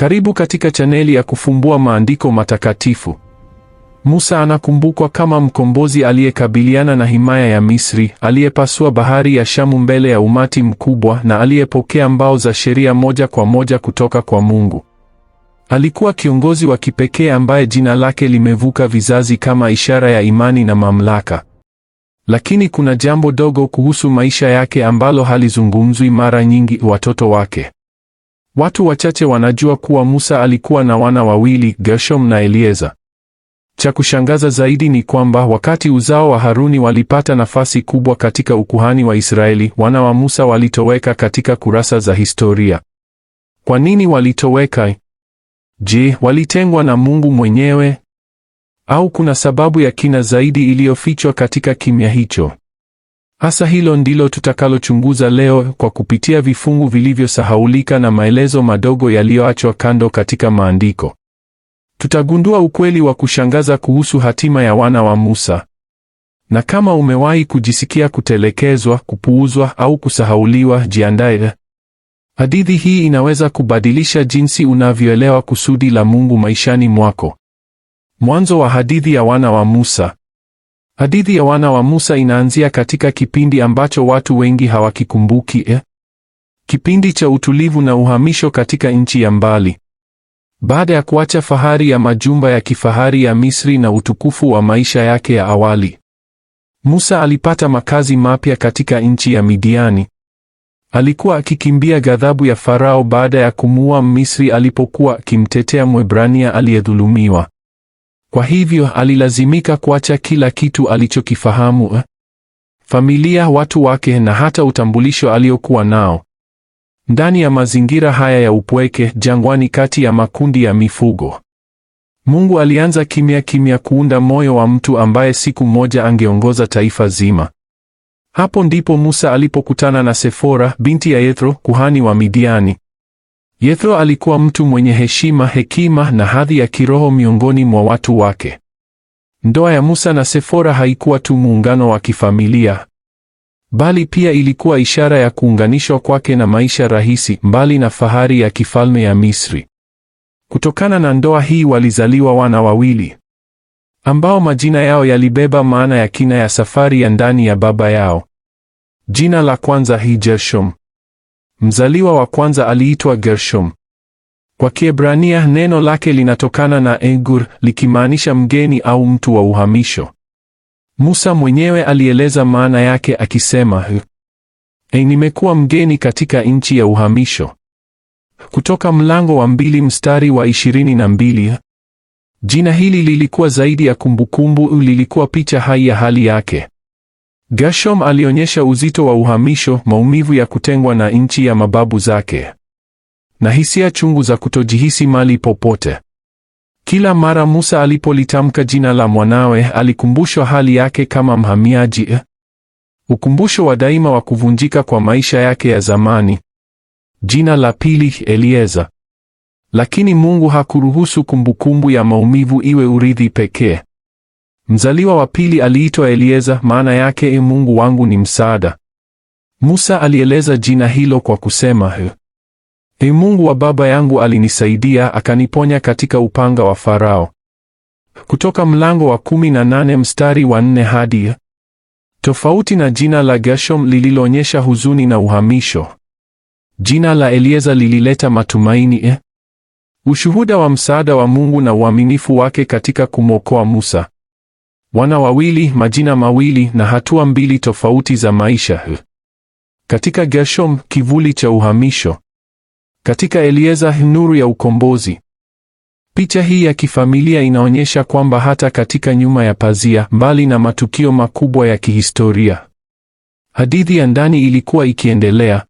Karibu katika chaneli ya kufumbua maandiko matakatifu. Musa anakumbukwa kama mkombozi aliyekabiliana na himaya ya Misri, aliyepasua bahari ya Shamu mbele ya umati mkubwa na aliyepokea mbao za sheria moja kwa moja kutoka kwa Mungu. Alikuwa kiongozi wa kipekee ambaye jina lake limevuka vizazi kama ishara ya imani na mamlaka. Lakini kuna jambo dogo kuhusu maisha yake ambalo halizungumzwi mara nyingi: watoto wake. Watu wachache wanajua kuwa Musa alikuwa na wana wawili, Gershom na Elieza. Cha kushangaza zaidi ni kwamba wakati uzao wa Haruni walipata nafasi kubwa katika ukuhani wa Israeli, wana wa Musa walitoweka katika kurasa za historia. Kwa nini walitoweka? Je, walitengwa na Mungu mwenyewe? Au kuna sababu ya kina zaidi iliyofichwa katika kimya hicho? Hasa hilo ndilo tutakalochunguza leo kwa kupitia vifungu vilivyosahaulika na maelezo madogo yaliyoachwa kando katika maandiko. Tutagundua ukweli wa kushangaza kuhusu hatima ya wana wa Musa. Na kama umewahi kujisikia kutelekezwa, kupuuzwa au kusahauliwa, jiandae. Hadithi hii inaweza kubadilisha jinsi unavyoelewa kusudi la Mungu maishani mwako. Mwanzo wa hadithi ya wana wa Musa. Hadithi ya wana wa Musa inaanzia katika kipindi ambacho watu wengi hawakikumbuki, eh? Kipindi cha utulivu na uhamisho katika nchi ya mbali. Baada ya kuacha fahari ya majumba ya kifahari ya Misri na utukufu wa maisha yake ya awali, Musa alipata makazi mapya katika nchi ya Midiani. Alikuwa akikimbia ghadhabu ya Farao baada ya kumuua Misri alipokuwa akimtetea Mwebrania aliyedhulumiwa. Kwa hivyo alilazimika kuacha kila kitu alichokifahamu, eh? familia, watu wake na hata utambulisho aliokuwa nao. Ndani ya mazingira haya ya upweke jangwani, kati ya makundi ya mifugo, Mungu alianza kimya kimya kuunda moyo wa mtu ambaye siku moja angeongoza taifa zima. Hapo ndipo Musa alipokutana na Sefora, binti ya Yethro, kuhani wa Midiani. Yethro alikuwa mtu mwenye heshima, hekima na hadhi ya kiroho miongoni mwa watu wake. Ndoa ya Musa na Sefora haikuwa tu muungano wa kifamilia, bali pia ilikuwa ishara ya kuunganishwa kwake na maisha rahisi, mbali na fahari ya kifalme ya Misri. Kutokana na ndoa hii walizaliwa wana wawili ambao majina yao yalibeba maana ya kina ya safari ya ndani ya baba yao. Jina la kwanza Higershom, Mzaliwa wa kwanza aliitwa Gershom. Kwa Kiebrania neno lake linatokana na egur likimaanisha mgeni au mtu wa uhamisho. Musa mwenyewe alieleza maana yake akisema, e, nimekuwa mgeni katika nchi ya uhamisho. Kutoka mlango wa mbili mstari wa ishirini na mbili. Jina hili lilikuwa zaidi ya kumbukumbu, lilikuwa picha hai ya hali yake. Gershom alionyesha uzito wa uhamisho, maumivu ya kutengwa na nchi ya mababu zake, na hisia chungu za kutojihisi mali popote. Kila mara Musa alipolitamka jina la mwanawe, alikumbushwa hali yake kama mhamiaji, ukumbusho wa daima wa kuvunjika kwa maisha yake ya zamani. Jina la pili Elieza, lakini Mungu hakuruhusu kumbukumbu ya maumivu iwe urithi pekee. Mzaliwa wa pili aliitwa Elieza, maana yake e, Mungu wangu ni msaada. Musa alieleza jina hilo kwa kusema e, Mungu wa baba yangu alinisaidia akaniponya katika upanga wa Farao. Kutoka mlango wa kumi na nane mstari wa nne hadi. Tofauti na jina la Gershom lililoonyesha huzuni na uhamisho, jina la Elieza lilileta matumaini. Ee, ushuhuda wa msaada wa Mungu na uaminifu wake katika kumwokoa Musa. Wana wawili, majina mawili na hatua mbili tofauti za maisha. Katika Gershom, kivuli cha uhamisho. Katika Elieza, nuru ya ukombozi. Picha hii ya kifamilia inaonyesha kwamba hata katika nyuma ya pazia, mbali na matukio makubwa ya kihistoria, hadithi ya ndani ilikuwa ikiendelea.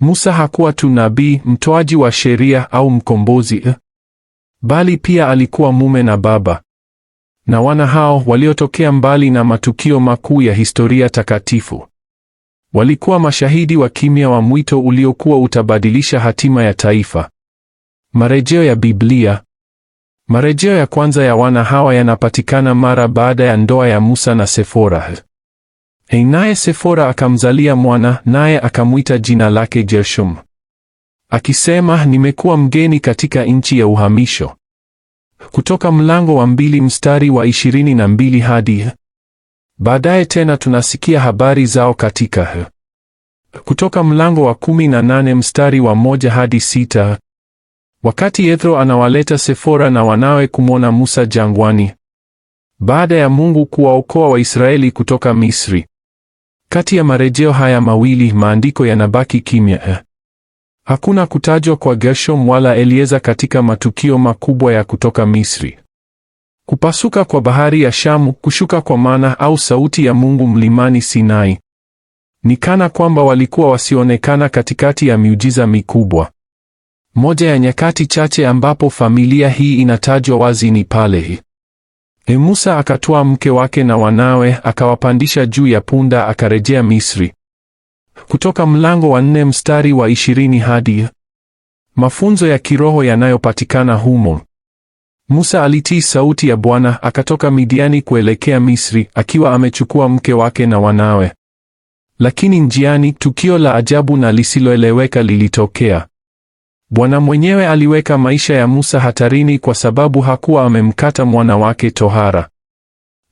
Musa hakuwa tu nabii, mtoaji wa sheria au mkombozi, bali pia alikuwa mume na baba na wana hao waliotokea mbali na matukio makuu ya historia takatifu walikuwa mashahidi wa kimya wa mwito uliokuwa utabadilisha hatima ya taifa. Marejeo ya Biblia. Marejeo ya kwanza ya wana hawa yanapatikana mara baada ya ndoa ya Musa na Sefora. Naye Sefora akamzalia mwana, naye akamwita jina lake jeshum akisema, nimekuwa mgeni katika nchi ya uhamisho kutoka mlango wa mbili mstari wa ishirini na mbili hadi baadaye tena tunasikia habari zao katika kutoka mlango wa kumi na nane mstari wa moja hadi sita. Wakati Yethro anawaleta Sefora na wanawe kumwona Musa jangwani baada ya Mungu kuwaokoa Waisraeli kutoka Misri. Kati ya marejeo haya mawili maandiko yanabaki kimya. Eh. Hakuna kutajwa kwa Gershom wala Elieza katika matukio makubwa ya kutoka Misri. Kupasuka kwa bahari ya Shamu, kushuka kwa mana au sauti ya Mungu mlimani Sinai. Ni kana kwamba walikuwa wasionekana katikati ya miujiza mikubwa. Moja ya nyakati chache ambapo familia hii inatajwa wazi ni pale e Musa akatoa mke wake na wanawe akawapandisha juu ya punda akarejea Misri kutoka mlango wa nne mstari wa ishirini hadi mafunzo ya kiroho yanayopatikana humo. Musa alitii sauti ya Bwana akatoka Midiani kuelekea Misri akiwa amechukua mke wake na wanawe. Lakini njiani tukio la ajabu na lisiloeleweka lilitokea. Bwana mwenyewe aliweka maisha ya Musa hatarini kwa sababu hakuwa amemkata mwana wake tohara.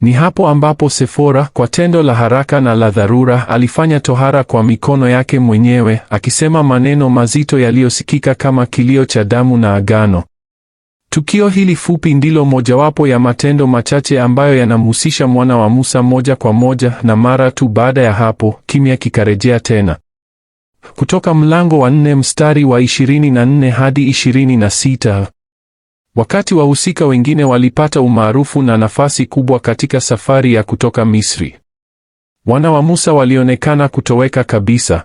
Ni hapo ambapo Sefora kwa tendo la haraka na la dharura alifanya tohara kwa mikono yake mwenyewe, akisema maneno mazito yaliyosikika kama kilio cha damu na agano. Tukio hili fupi ndilo mojawapo ya matendo machache ambayo yanamhusisha mwana wa Musa moja kwa moja, na mara tu baada ya hapo kimya kikarejea tena. Kutoka mlango wa nne mstari wa 24 hadi 26. Wakati wahusika wengine walipata umaarufu na nafasi kubwa katika safari ya kutoka Misri, wana wa Musa walionekana kutoweka kabisa.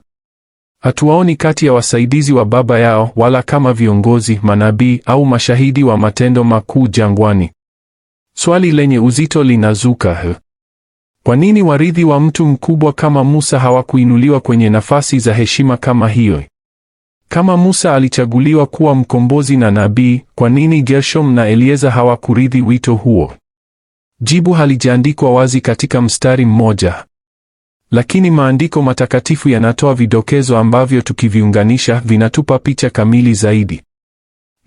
Hatuwaoni kati ya wasaidizi wa baba yao wala kama viongozi, manabii au mashahidi wa matendo makuu jangwani. Swali lenye uzito linazuka. Kwa nini warithi wa mtu mkubwa kama Musa hawakuinuliwa kwenye nafasi za heshima kama hiyo? Kama Musa alichaguliwa kuwa mkombozi na nabii, kwa nini Gershom na Elieza hawakurithi wito huo? Jibu halijaandikwa wazi katika mstari mmoja, lakini maandiko matakatifu yanatoa vidokezo ambavyo tukiviunganisha vinatupa picha kamili zaidi.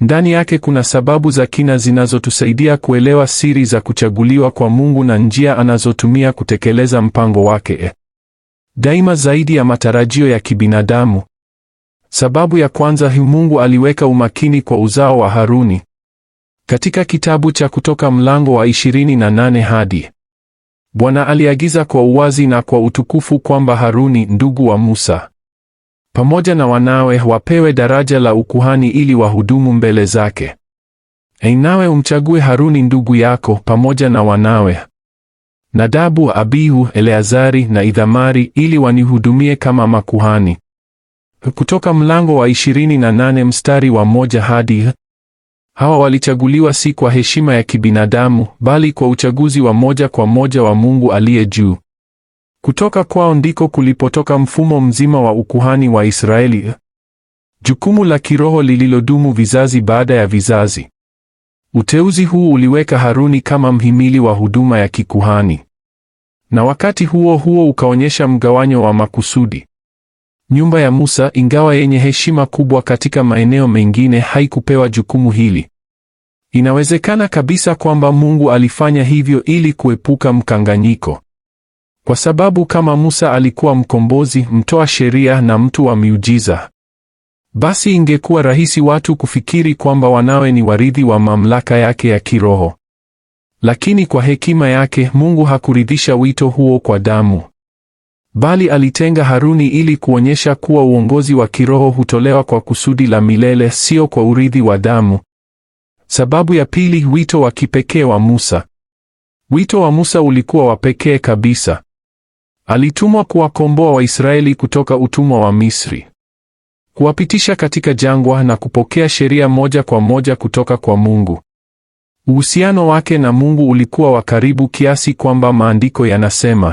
Ndani yake kuna sababu za kina zinazotusaidia kuelewa siri za kuchaguliwa kwa Mungu na njia anazotumia kutekeleza mpango wake. Daima zaidi ya matarajio ya kibinadamu, Sababu ya kwanza, Mungu aliweka umakini kwa uzao wa Haruni. Katika kitabu cha Kutoka mlango wa 28 hadi Bwana aliagiza kwa uwazi na kwa utukufu kwamba Haruni ndugu wa Musa pamoja na wanawe wapewe daraja la ukuhani ili wahudumu mbele zake. Einawe umchague Haruni ndugu yako pamoja na wanawe Nadabu, Abihu, Eleazari na Idhamari ili wanihudumie kama makuhani kutoka mlango wa 28 mstari wa moja hadi hawa walichaguliwa si kwa heshima ya kibinadamu, bali kwa uchaguzi wa moja kwa moja wa Mungu aliye juu. Kutoka kwao ndiko kulipotoka mfumo mzima wa ukuhani wa Israeli, jukumu la kiroho lililodumu vizazi baada ya vizazi. Uteuzi huu uliweka Haruni kama mhimili wa huduma ya kikuhani, na wakati huo huo ukaonyesha mgawanyo wa makusudi. Nyumba ya Musa, ingawa yenye heshima kubwa katika maeneo mengine, haikupewa jukumu hili. Inawezekana kabisa kwamba Mungu alifanya hivyo ili kuepuka mkanganyiko. Kwa sababu kama Musa alikuwa mkombozi, mtoa sheria na mtu wa miujiza, basi ingekuwa rahisi watu kufikiri kwamba wanawe ni warithi wa mamlaka yake ya kiroho. Lakini kwa hekima yake Mungu hakuridhisha wito huo kwa damu bali alitenga Haruni ili kuonyesha kuwa uongozi wa kiroho hutolewa kwa kusudi la milele, sio kwa urithi wa damu. Sababu ya pili, wito wa kipekee wa Musa. Wito wa Musa ulikuwa wa pekee kabisa. Alitumwa kuwakomboa Waisraeli kutoka utumwa wa Misri, kuwapitisha katika jangwa na kupokea sheria moja kwa moja kutoka kwa Mungu. Uhusiano wake na Mungu ulikuwa wa karibu kiasi kwamba maandiko yanasema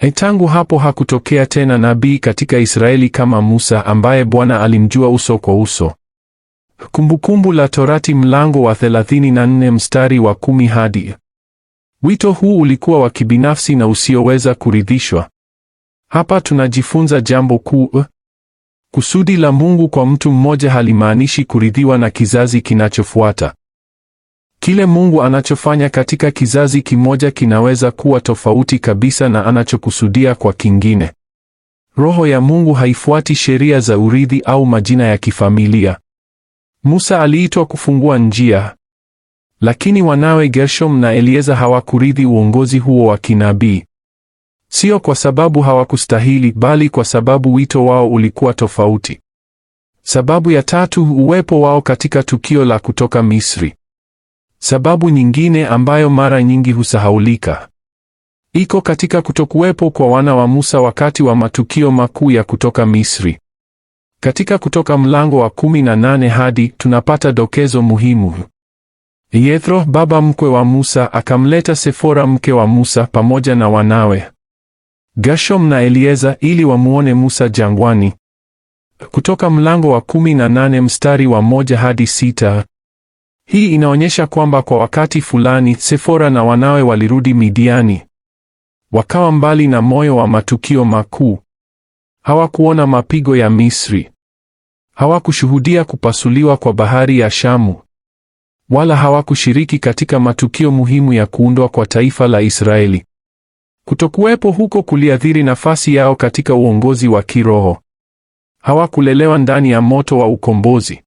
E, tangu hapo hakutokea tena nabii katika Israeli kama Musa ambaye Bwana alimjua uso kwa uso. Kumbukumbu la Torati mlango wa 34 mstari wa kumi hadi. Wito huu ulikuwa wa kibinafsi na usioweza kuridhishwa. Hapa tunajifunza jambo kuu. Kusudi la Mungu kwa mtu mmoja halimaanishi kuridhiwa na kizazi kinachofuata. Kile Mungu anachofanya katika kizazi kimoja kinaweza kuwa tofauti kabisa na anachokusudia kwa kingine. Roho ya Mungu haifuati sheria za urithi au majina ya kifamilia. Musa aliitwa kufungua njia, lakini wanawe Gershom na Elieza hawakurithi uongozi huo wa kinabii, sio kwa sababu hawakustahili, bali kwa sababu wito wao ulikuwa tofauti. Sababu ya tatu, uwepo wao katika tukio la kutoka Misri. Sababu nyingine ambayo mara nyingi husahaulika iko katika kutokuwepo kwa wana wa Musa wakati wa matukio makuu ya kutoka Misri. Katika Kutoka mlango wa 18 hadi tunapata dokezo muhimu. Yethro, baba mkwe wa Musa, akamleta Sefora mke wa Musa pamoja na wanawe Gashom na Elieza ili wamuone Musa jangwani. Kutoka mlango wa 18 mstari wa moja hadi sita. Hii inaonyesha kwamba kwa wakati fulani Sefora na wanawe walirudi Midiani, wakawa mbali na moyo wa matukio makuu. Hawakuona mapigo ya Misri, hawakushuhudia kupasuliwa kwa bahari ya Shamu, wala hawakushiriki katika matukio muhimu ya kuundwa kwa taifa la Israeli. Kutokuwepo huko kuliathiri nafasi yao katika uongozi wa kiroho. Hawakulelewa ndani ya moto wa ukombozi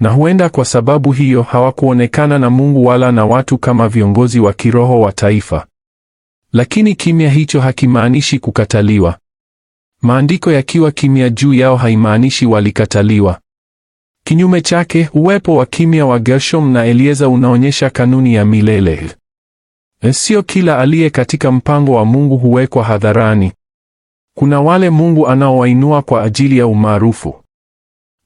na huenda kwa sababu hiyo hawakuonekana na Mungu wala na watu kama viongozi wa kiroho wa taifa. Lakini kimya hicho hakimaanishi kukataliwa. Maandiko yakiwa kimya juu yao haimaanishi walikataliwa. Kinyume chake, uwepo wa kimya wa Gershom na Elieza unaonyesha kanuni ya milele. E, sio kila aliye katika mpango wa Mungu huwekwa hadharani. Kuna wale Mungu anaowainua kwa ajili ya umaarufu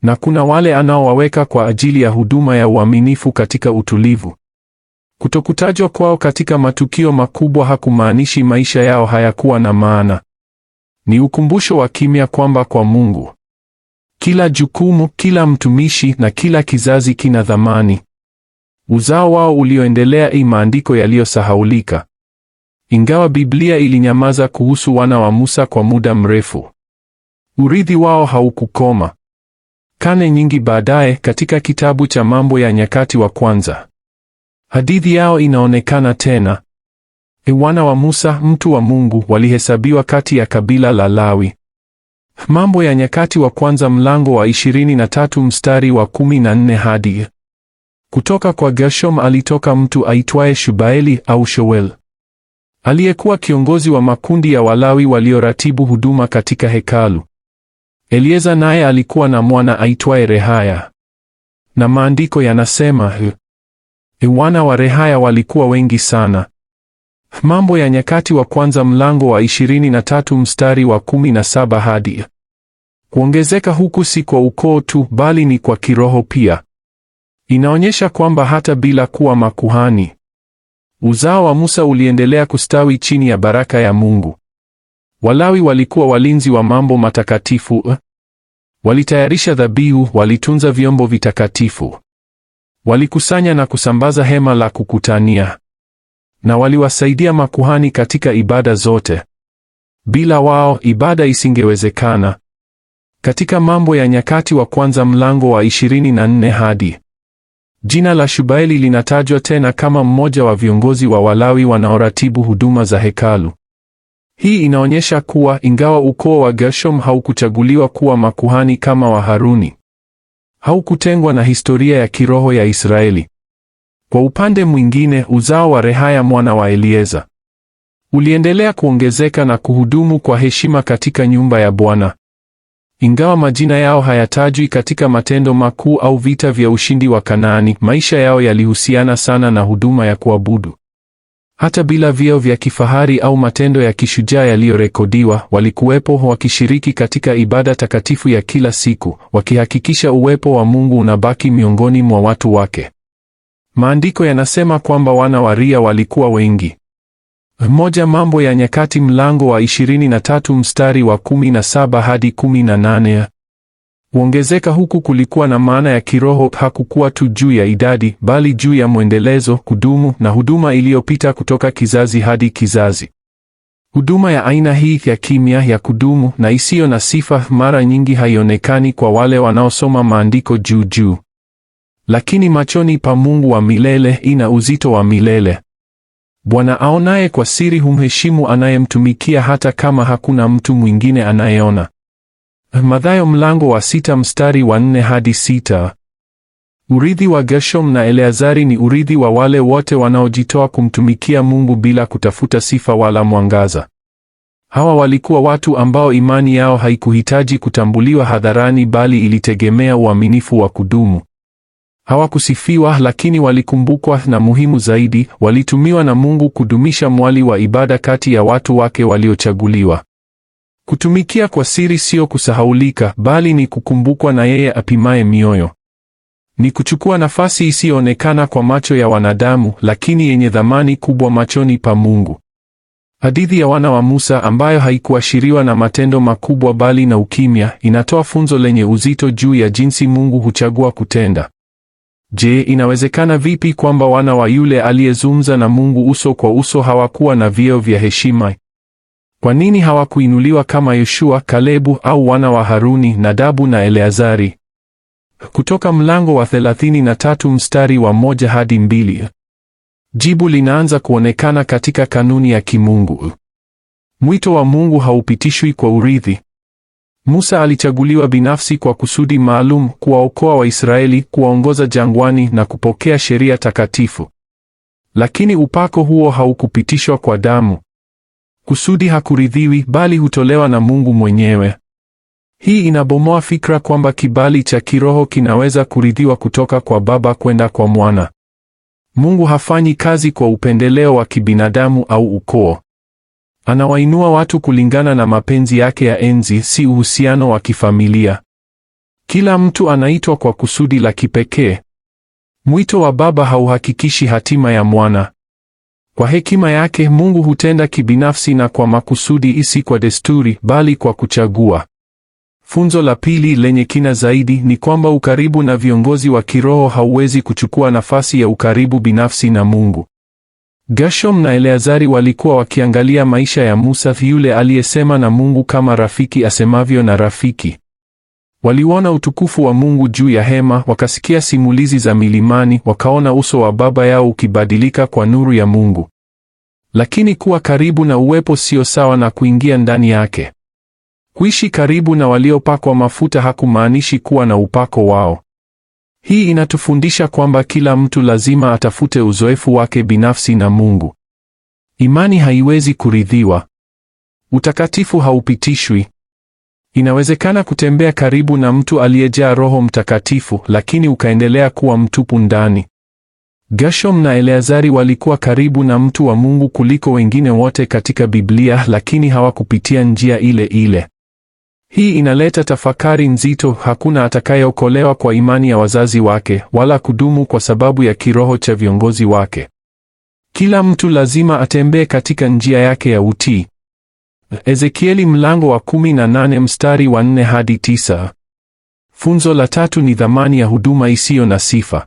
na kuna wale anaowaweka kwa ajili ya huduma ya uaminifu katika utulivu. Kutokutajwa kwao katika matukio makubwa hakumaanishi maisha yao hayakuwa na maana. Ni ukumbusho wa kimya kwamba kwa Mungu kila jukumu, kila mtumishi na kila kizazi kina dhamani. Uzao wao ulioendelea i maandiko yaliyosahaulika. Ingawa Biblia ilinyamaza kuhusu wana wa Musa kwa muda mrefu, urithi wao haukukoma. Karne nyingi baadaye, katika kitabu cha Mambo ya Nyakati wa Kwanza, hadithi yao inaonekana tena. E wana wa Musa mtu wa Mungu walihesabiwa kati ya kabila la Lawi. Mambo ya Nyakati wa Kwanza mlango wa 23 mstari wa 14 hadi kutoka kwa Gershom alitoka mtu aitwaye Shubaeli au Showel aliyekuwa kiongozi wa makundi ya Walawi walioratibu huduma katika hekalu. Elieza naye alikuwa na mwana aitwaye Rehaya, na maandiko yanasema wana wa Rehaya walikuwa wengi sana. Mambo ya Nyakati wa Kwanza mlango wa 23 mstari wa 17 hadi. Kuongezeka huku si kwa ukoo tu, bali ni kwa kiroho pia. Inaonyesha kwamba hata bila kuwa makuhani, uzao wa Musa uliendelea kustawi chini ya baraka ya Mungu. Walawi walikuwa walinzi wa mambo matakatifu. Eh? Walitayarisha dhabihu, walitunza vyombo vitakatifu, walikusanya na kusambaza hema la kukutania, na waliwasaidia makuhani katika ibada zote. Bila wao ibada isingewezekana. Katika Mambo ya Nyakati wa Kwanza mlango wa 24 hadi jina la Shubaeli linatajwa tena kama mmoja wa viongozi wa Walawi wanaoratibu huduma za hekalu. Hii inaonyesha kuwa ingawa ukoo wa Gershom haukuchaguliwa kuwa makuhani kama wa Haruni, haukutengwa na historia ya kiroho ya Israeli. Kwa upande mwingine, uzao wa Rehaya mwana wa Elieza uliendelea kuongezeka na kuhudumu kwa heshima katika nyumba ya Bwana. Ingawa majina yao hayatajwi katika matendo makuu au vita vya ushindi wa Kanaani, maisha yao yalihusiana sana na huduma ya kuabudu. Hata bila vyeo vya kifahari au matendo ya kishujaa yaliyorekodiwa, walikuwepo wakishiriki katika ibada takatifu ya kila siku, wakihakikisha uwepo wa Mungu unabaki miongoni mwa watu wake. Maandiko yanasema kwamba wana wa Ria walikuwa wengi. Moja Mambo ya Nyakati mlango wa 23 mstari wa 17 hadi 18. Kuongezeka huku kulikuwa na maana ya kiroho, hakukuwa tu juu ya idadi, bali juu ya mwendelezo, kudumu na huduma iliyopita kutoka kizazi hadi kizazi. Huduma ya aina hii ya kimya, ya kudumu na isiyo na sifa, mara nyingi haionekani kwa wale wanaosoma maandiko juu juu, lakini machoni pa Mungu wa milele ina uzito wa milele. Bwana aonaye kwa siri humheshimu anayemtumikia, hata kama hakuna mtu mwingine anayeona. Mathayo mlango wa sita mstari wa nne hadi sita. Urithi wa Gershom na Eleazari ni urithi wa wale wote wanaojitoa kumtumikia Mungu bila kutafuta sifa wala mwangaza. Hawa walikuwa watu ambao imani yao haikuhitaji kutambuliwa hadharani bali ilitegemea uaminifu wa kudumu. Hawakusifiwa lakini walikumbukwa, na muhimu zaidi, walitumiwa na Mungu kudumisha mwali wa ibada kati ya watu wake waliochaguliwa. Kutumikia kwa siri sio kusahaulika, bali ni kukumbukwa na yeye apimaye mioyo. Ni kuchukua nafasi isiyoonekana kwa macho ya wanadamu, lakini yenye thamani kubwa machoni pa Mungu. Hadithi ya wana wa Musa ambayo haikuashiriwa na matendo makubwa bali na ukimya, inatoa funzo lenye uzito juu ya jinsi Mungu huchagua kutenda. Je, inawezekana vipi kwamba wana wa yule aliyezungumza na Mungu uso kwa uso hawakuwa na vyeo vya heshima? Kwa nini hawakuinuliwa kama Yoshua, Kalebu au wana wa Haruni, Nadabu na Eleazari? Kutoka mlango wa 33 mstari wa moja hadi mbili. Jibu linaanza kuonekana katika kanuni ya kimungu. Mwito wa Mungu haupitishwi kwa urithi. Musa alichaguliwa binafsi kwa kusudi maalum, kuwaokoa Waisraeli, kuwaongoza jangwani na kupokea sheria takatifu. Lakini upako huo haukupitishwa kwa damu. Kusudi hakuridhiwi, bali hutolewa na Mungu mwenyewe. Hii inabomoa fikra kwamba kibali cha kiroho kinaweza kuridhiwa kutoka kwa Baba kwenda kwa Mwana. Mungu hafanyi kazi kwa upendeleo wa kibinadamu au ukoo. Anawainua watu kulingana na mapenzi yake ya enzi, si uhusiano wa kifamilia. Kila mtu anaitwa kwa kusudi la kipekee. Mwito wa Baba hauhakikishi hatima ya Mwana. Kwa hekima yake Mungu hutenda kibinafsi na kwa makusudi, isi kwa desturi, bali kwa kuchagua. Funzo la pili lenye kina zaidi ni kwamba ukaribu na viongozi wa kiroho hauwezi kuchukua nafasi ya ukaribu binafsi na Mungu. Gershom na Eleazari walikuwa wakiangalia maisha ya Musa, yule aliyesema na Mungu kama rafiki asemavyo na rafiki. Waliuona utukufu wa Mungu juu ya hema, wakasikia simulizi za milimani, wakaona uso wa Baba yao ukibadilika kwa nuru ya Mungu. Lakini kuwa karibu na uwepo sio sawa na kuingia ndani yake. Kuishi karibu na waliopakwa mafuta hakumaanishi kuwa na upako wao. Hii inatufundisha kwamba kila mtu lazima atafute uzoefu wake binafsi na Mungu. Imani haiwezi kuridhiwa. Utakatifu haupitishwi. Inawezekana kutembea karibu na mtu aliyejaa Roho Mtakatifu, lakini ukaendelea kuwa mtupu ndani. Gershom na Eleazari walikuwa karibu na mtu wa Mungu kuliko wengine wote katika Biblia, lakini hawakupitia njia ile ile. Hii inaleta tafakari nzito. Hakuna atakayeokolewa kwa imani ya wazazi wake, wala kudumu kwa sababu ya kiroho cha viongozi wake. Kila mtu lazima atembee katika njia yake ya utii. Ezekieli mlango wa 18 mstari wa 4 hadi 9. Funzo la tatu ni dhamani ya huduma isiyo na sifa.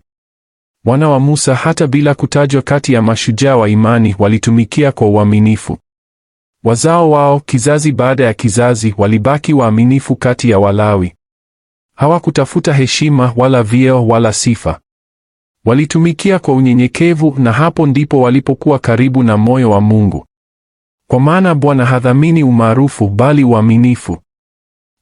Wana wa Musa hata bila kutajwa kati ya mashujaa wa imani walitumikia kwa uaminifu. Wazao wao kizazi baada ya kizazi walibaki waaminifu kati ya Walawi. Hawakutafuta heshima wala vyeo wala sifa. Walitumikia kwa unyenyekevu na hapo ndipo walipokuwa karibu na moyo wa Mungu. Kwa maana Bwana hadhamini umaarufu bali uaminifu.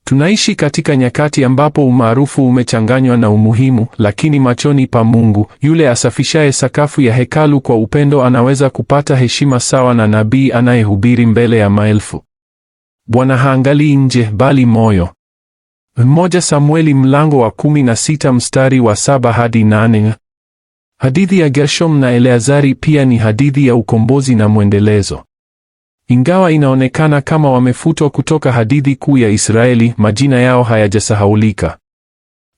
Tunaishi katika nyakati ambapo umaarufu umechanganywa na umuhimu, lakini machoni pa Mungu, yule asafishaye sakafu ya hekalu kwa upendo anaweza kupata heshima sawa na nabii anayehubiri mbele ya maelfu. Bwana haangalii nje bali moyo. Mmoja Samueli mlango wa kumi na sita mstari wa saba hadi nane. Hadithi ya Gershom na Eleazari pia ni hadithi ya ukombozi na mwendelezo. Ingawa inaonekana kama wamefutwa kutoka hadithi kuu ya Israeli, majina yao hayajasahaulika.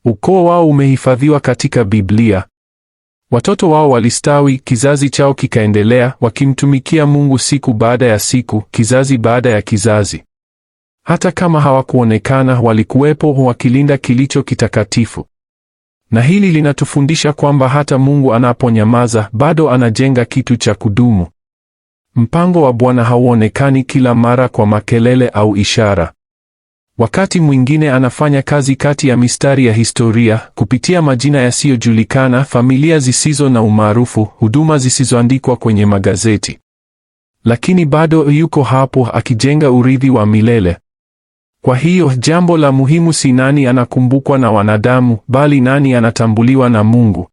Ukoo wao umehifadhiwa katika Biblia. Watoto wao walistawi, kizazi chao kikaendelea wakimtumikia Mungu siku baada ya siku, kizazi baada ya kizazi. Hata kama hawakuonekana, walikuwepo wakilinda kilicho kitakatifu. Na hili linatufundisha kwamba hata Mungu anaponyamaza, bado anajenga kitu cha kudumu. Mpango wa Bwana hauonekani kila mara kwa makelele au ishara. Wakati mwingine anafanya kazi kati ya mistari ya historia, kupitia majina yasiyojulikana, familia zisizo na umaarufu, huduma zisizoandikwa kwenye magazeti. Lakini bado yuko hapo akijenga urithi wa milele. Kwa hiyo jambo la muhimu si nani anakumbukwa na wanadamu, bali nani anatambuliwa na Mungu.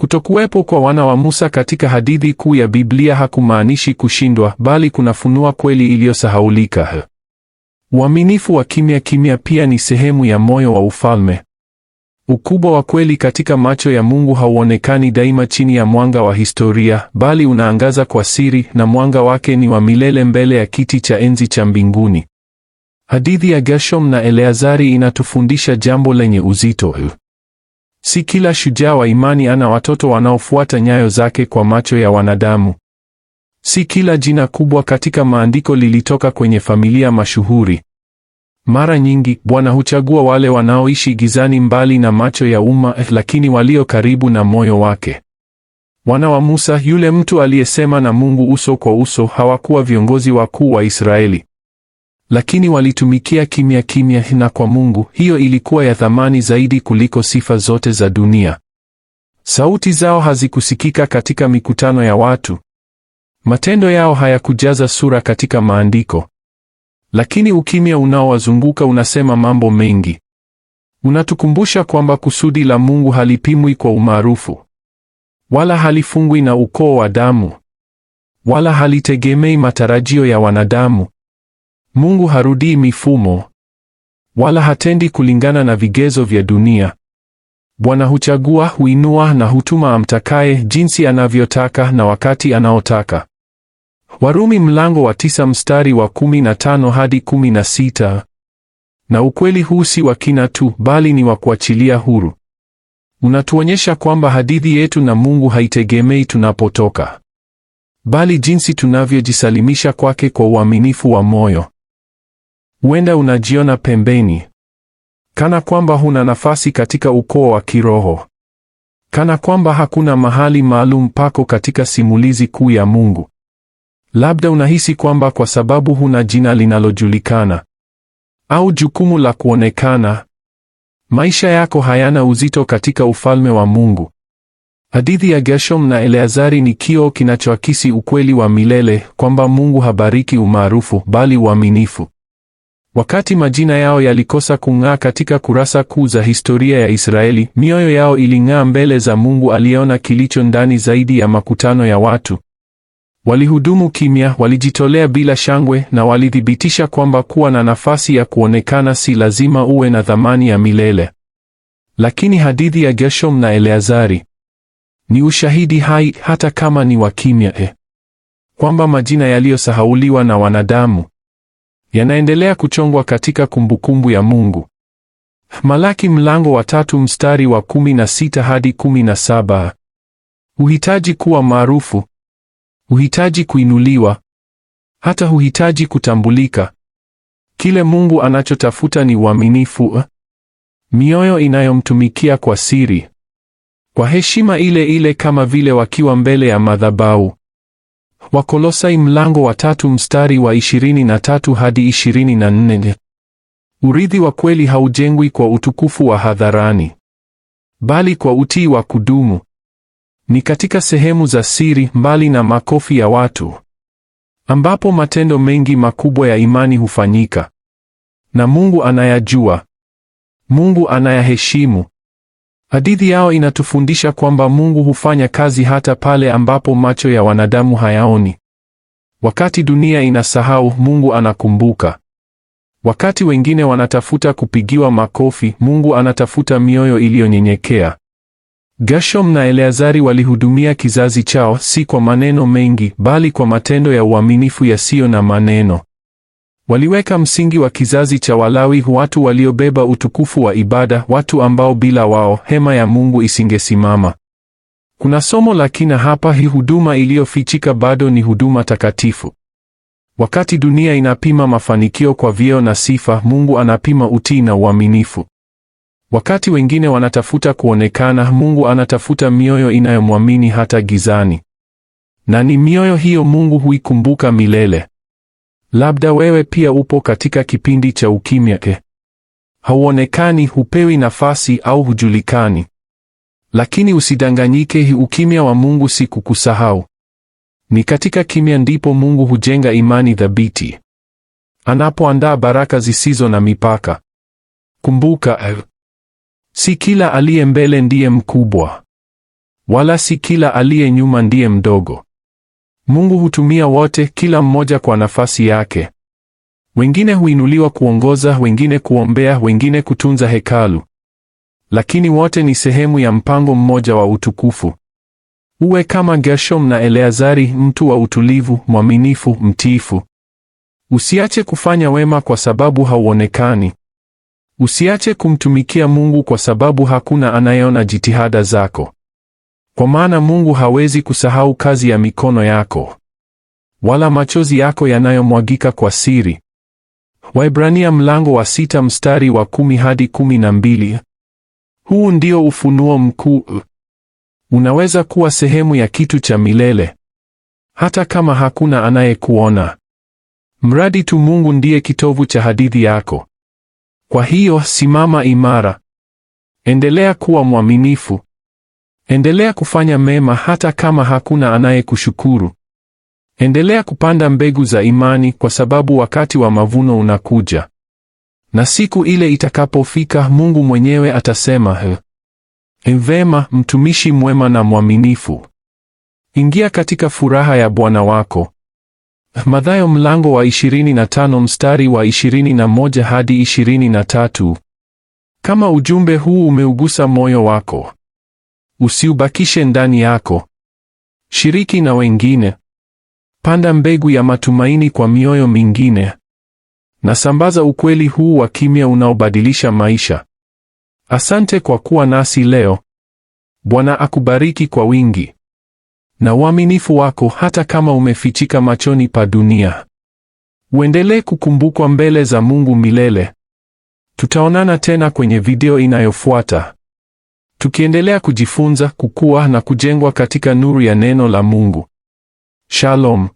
Kutokuwepo kwa wana wa Musa katika hadithi kuu ya Biblia hakumaanishi kushindwa, bali kunafunua kweli iliyosahaulika. Uaminifu wa kimya kimya pia ni sehemu ya moyo wa ufalme. Ukubwa wa kweli katika macho ya Mungu hauonekani daima chini ya mwanga wa historia, bali unaangaza kwa siri, na mwanga wake ni wa milele mbele ya kiti cha enzi cha mbinguni. Hadithi ya Gershom na Eleazari inatufundisha jambo lenye uzito. Si kila shujaa wa imani ana watoto wanaofuata nyayo zake kwa macho ya wanadamu. Si kila jina kubwa katika maandiko lilitoka kwenye familia mashuhuri. Mara nyingi Bwana huchagua wale wanaoishi gizani, mbali na macho ya umma, lakini walio karibu na moyo wake. Wana wa Musa, yule mtu aliyesema na Mungu uso kwa uso, hawakuwa viongozi wakuu wa Israeli lakini walitumikia kimya kimya na kwa Mungu, hiyo ilikuwa ya thamani zaidi kuliko sifa zote za dunia. Sauti zao hazikusikika katika mikutano ya watu, matendo yao hayakujaza sura katika maandiko, lakini ukimya unaowazunguka unasema mambo mengi. Unatukumbusha kwamba kusudi la Mungu halipimwi kwa umaarufu, wala halifungwi na ukoo wa damu, wala halitegemei matarajio ya wanadamu. Mungu harudii mifumo wala hatendi kulingana na vigezo vya dunia. Bwana huchagua, huinua na hutuma amtakaye jinsi anavyotaka na wakati anaotaka. Warumi mlango wa tisa mstari wa kumi na tano hadi kumi na sita. Na ukweli huu si wa kina tu, bali ni wa kuachilia huru. Unatuonyesha kwamba hadithi yetu na Mungu haitegemei tunapotoka, bali jinsi tunavyojisalimisha kwake kwa uaminifu wa moyo. Huenda unajiona pembeni, kana kwamba huna nafasi katika ukoo wa kiroho, kana kwamba hakuna mahali maalum pako katika simulizi kuu ya Mungu. Labda unahisi kwamba kwa sababu huna jina linalojulikana au jukumu la kuonekana, maisha yako hayana uzito katika ufalme wa Mungu. Hadithi ya Gershom na Eleazari ni kioo kinachoakisi ukweli wa milele kwamba Mungu habariki umaarufu bali uaminifu. Wakati majina yao yalikosa kung'aa katika kurasa kuu za historia ya Israeli, mioyo yao iling'aa mbele za Mungu aliyeona kilicho ndani zaidi ya makutano ya watu. Walihudumu kimya, walijitolea bila shangwe, na walithibitisha kwamba kuwa na nafasi ya kuonekana si lazima uwe na thamani ya milele. Lakini hadithi ya Gershom na Eleazari ni ushahidi hai, hata kama ni wa kimya, eh, kwamba majina yaliyosahauliwa na wanadamu yanaendelea kuchongwa katika kumbukumbu ya Mungu. Malaki mlango wa tatu mstari wa kumi na sita hadi kumi na saba. Huhitaji kuwa maarufu, huhitaji kuinuliwa, hata huhitaji kutambulika. Kile Mungu anachotafuta ni uaminifu, eh? mioyo inayomtumikia kwa siri, kwa heshima ile ile, kama vile wakiwa mbele ya madhabahu. Wakolosai mlango wa tatu mstari wa 23 hadi 24. Urithi wa kweli haujengwi kwa utukufu wa hadharani, bali kwa utii wa kudumu. Ni katika sehemu za siri, mbali na makofi ya watu, ambapo matendo mengi makubwa ya imani hufanyika, na Mungu anayajua, Mungu anayaheshimu. Hadithi yao inatufundisha kwamba Mungu hufanya kazi hata pale ambapo macho ya wanadamu hayaoni. Wakati dunia inasahau, Mungu anakumbuka. Wakati wengine wanatafuta kupigiwa makofi, Mungu anatafuta mioyo iliyonyenyekea. Gershom na Eleazari walihudumia kizazi chao si kwa maneno mengi, bali kwa matendo ya uaminifu yasiyo na maneno. Waliweka msingi wa kizazi cha Walawi, watu waliobeba utukufu wa ibada, watu ambao bila wao hema ya Mungu isingesimama. Kuna somo la kina hapa. Hii huduma iliyofichika bado ni huduma takatifu. Wakati dunia inapima mafanikio kwa vyeo na sifa, Mungu anapima utii na uaminifu. Wakati wengine wanatafuta kuonekana, Mungu anatafuta mioyo inayomwamini hata gizani, na ni mioyo hiyo Mungu huikumbuka milele. Labda wewe pia upo katika kipindi cha ukimya ke. Hauonekani, hupewi nafasi au hujulikani. Lakini usidanganyike, ukimya wa Mungu si kukusahau. Ni katika kimya ndipo Mungu hujenga imani thabiti. Anapoandaa baraka zisizo na mipaka. Kumbuka, eh, si kila aliye mbele ndiye mkubwa, wala si kila aliye nyuma ndiye mdogo. Mungu hutumia wote, kila mmoja kwa nafasi yake. Wengine huinuliwa kuongoza, wengine kuombea, wengine kutunza hekalu, lakini wote ni sehemu ya mpango mmoja wa utukufu. Uwe kama Gershom na Eleazari, mtu wa utulivu, mwaminifu, mtiifu. Usiache kufanya wema kwa sababu hauonekani. Usiache kumtumikia Mungu kwa sababu hakuna anayeona jitihada zako. Kwa maana Mungu hawezi kusahau kazi ya mikono yako, wala machozi yako yanayomwagika kwa siri. Waibrania mlango wa sita mstari wa kumi hadi kumi na mbili. Huu ndio ufunuo mkuu. Unaweza kuwa sehemu ya kitu cha milele hata kama hakuna anayekuona, mradi tu Mungu ndiye kitovu cha hadithi yako. Kwa hiyo simama imara, endelea kuwa mwaminifu. Endelea kufanya mema hata kama hakuna anayekushukuru. Endelea kupanda mbegu za imani kwa sababu wakati wa mavuno unakuja. Na siku ile itakapofika, Mungu mwenyewe atasema, "Vema, mtumishi mwema na mwaminifu. Ingia katika furaha ya Bwana wako." Mathayo mlango wa 25 mstari wa 21 hadi 23. Kama ujumbe huu umeugusa moyo wako, usiubakishe ndani yako. Shiriki na wengine. Panda mbegu ya matumaini kwa mioyo mingine. Nasambaza ukweli huu wa kimya unaobadilisha maisha. Asante kwa kuwa nasi leo. Bwana akubariki kwa wingi na uaminifu wako, hata kama umefichika machoni pa dunia. Uendelee kukumbukwa mbele za Mungu milele. Tutaonana tena kwenye video inayofuata tukiendelea kujifunza, kukua na kujengwa katika nuru ya neno la Mungu. Shalom.